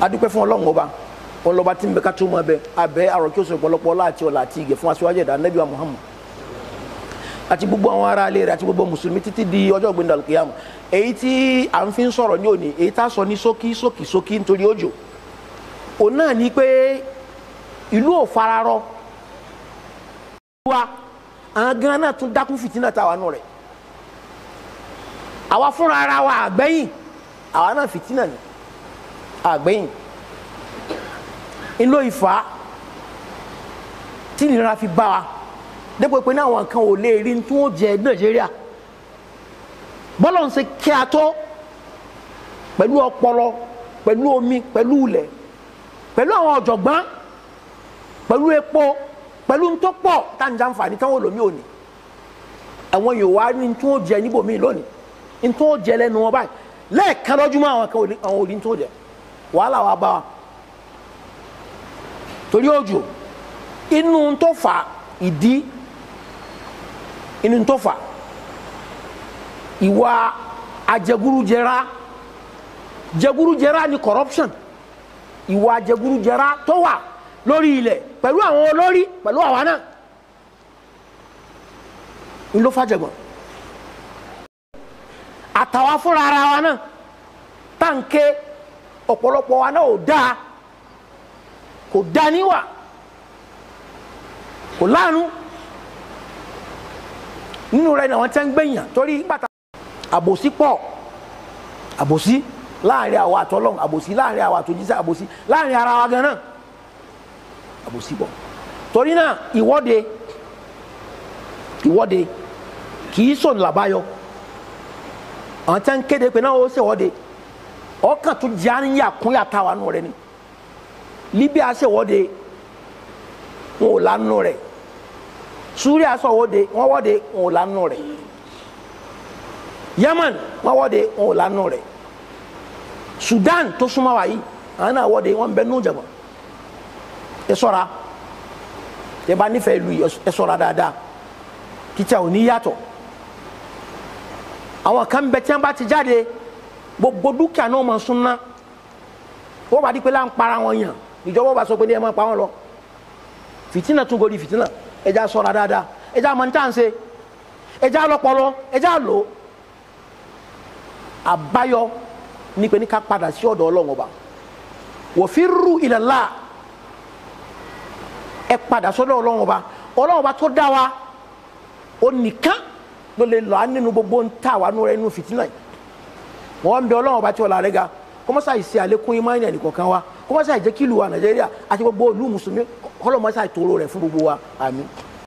adúpẹ́ fún ọlọ́run ọba wọn lọ́ba tí ń bẹ ká tó mọ ẹbẹ abẹ àròkí oṣù ọ̀pọ̀lọpọ̀ láti ọ̀la àti ìgẹ̀ fún aṣíwájú ẹ̀dá nẹ́bíwá Muhammad àti gbogbo àwọn ará ilé rẹ̀ àti gbogbo mùsùlùmí títí di ọjọ́ ìgbéǹda lùkìyàmù èyí tí à ń fi ń ní òní èyí tá a sọ ní ṣókí ṣókí ṣókí nítorí òjò òun náà ni pé ìlú ò fararọ wa àwọn gan náà tún dákún fìtínà táwa nù rẹ̀ àwa fúnra ara wa àgbẹ̀yìn àwa náà fìtínà ni àgbẹ̀yìn ńlọ ìfà tí ìlera fi bá wa dépò pé ní àwọn kan ò lè rí tí wọ́n jẹ nàìjíríà bọ́lọ̀ ń ṣe kí a tó pẹ̀lú ọpọlọ pẹ̀lú omi pẹ̀lú ilẹ̀ pẹ̀lú àwọn ọ̀jọ̀gbọ́n pẹ̀lú epo pẹ̀lú ń pọ̀ tá à ń jàǹfààní táwọn olómi òní àwọn yòó wá ní tí wọ́n jẹ níbòmí lónìí ní tí wọ́n jẹ lẹ́nu wọn báyìí lẹ́ẹ̀kan lọ́júmọ́ àwọn kan ò tí wọ́n jẹ wàhálà wa bá wa torí òjò inú tó fà ìdí inú tó fà ìwà ajẹgúrújẹra jẹgúrújẹra ni corruption ìwà ajẹgúrújẹra tó wà lórí ilẹ̀ pẹ̀lú àwọn olórí pẹ̀lú àwa náà ń ló fàjẹ̀gbọ̀n àtàwa fúnra ara wa náà táǹkẹ́ ọ̀pọ̀lọpọ̀ wa náà ò dáa kò dáa níwà kò láàánú nínú rẹ̀ ni àwọn tẹ́ ń gbẹ̀yàn torí gbàtà àbòsí pọ̀ àbòsí láàrin àwa àtọlọ́run àbòsí láàrin àwa àtòjíṣẹ́ àbòsí láàrin ara wa gan náà àbòsí pọ̀ torí náà ìwọ́de ìwọ́de kì í sọ̀nù làbáyọ àwọn tẹ́ ń kéde pé náà ó ṣèwọ́de ọkàn tó já ní yà kún yà táwa nù rẹ ni Libya ṣèwọ́de wọn ò lánú rẹ Suria ṣèwọ́de wọn wọ́de wọn ò lánú rẹ Yemen wọn wọ́de wọn ò lánú rẹ Sudan tó súnmọ́ wa àwọn náà wọ́de wọn bẹ nù jẹ̀mọ́ ẹ ṣọ́ra ẹ bá nífẹ̀ẹ́ ìlú ẹ ṣọ́ra dáadáa kìtà ò ní àwọn kan bẹ tí wọn bá ti jáde gbogbo dúkìá náà mọ̀ súnná wọ́n bá di pé láǹpara wọn yàn ìjọba bá sọ pé ní ẹ máa pa wọn lọ fìtínà tún gòrí fìtínà ẹja ṣọ́ra dáadáa ẹja mọ̀ níta ń ṣe ẹja lọ́pọlọ ẹja lò àbáyọ ní pé ní ká padà sí ọ̀dọ̀ Ọlọ́run ọba wọfírù ìlàlá ẹ padà sọ́dọ̀ Ọlọ́run ọba Ọlọ́run ọba tó dá wa ó nìkan ló lè lọ á nínú gbogbo ń tà wá nú rẹ nínú fìtínà yìí wọ́n ń bẹ ọlọ́run ọba tí ọlá rẹ̀ ga kọ́mọ́sá yìí ṣe àlékún imáyìn ẹnì kọ̀ọ̀kan wa kọ́mọ́sá yìí jẹ́ kí ìlú wa nàìjíríà àti gbogbo ìlú mùsùlùmí kọ́lọ́mọ́sá ìtòrò rẹ̀ fún gbogbo wa àmín.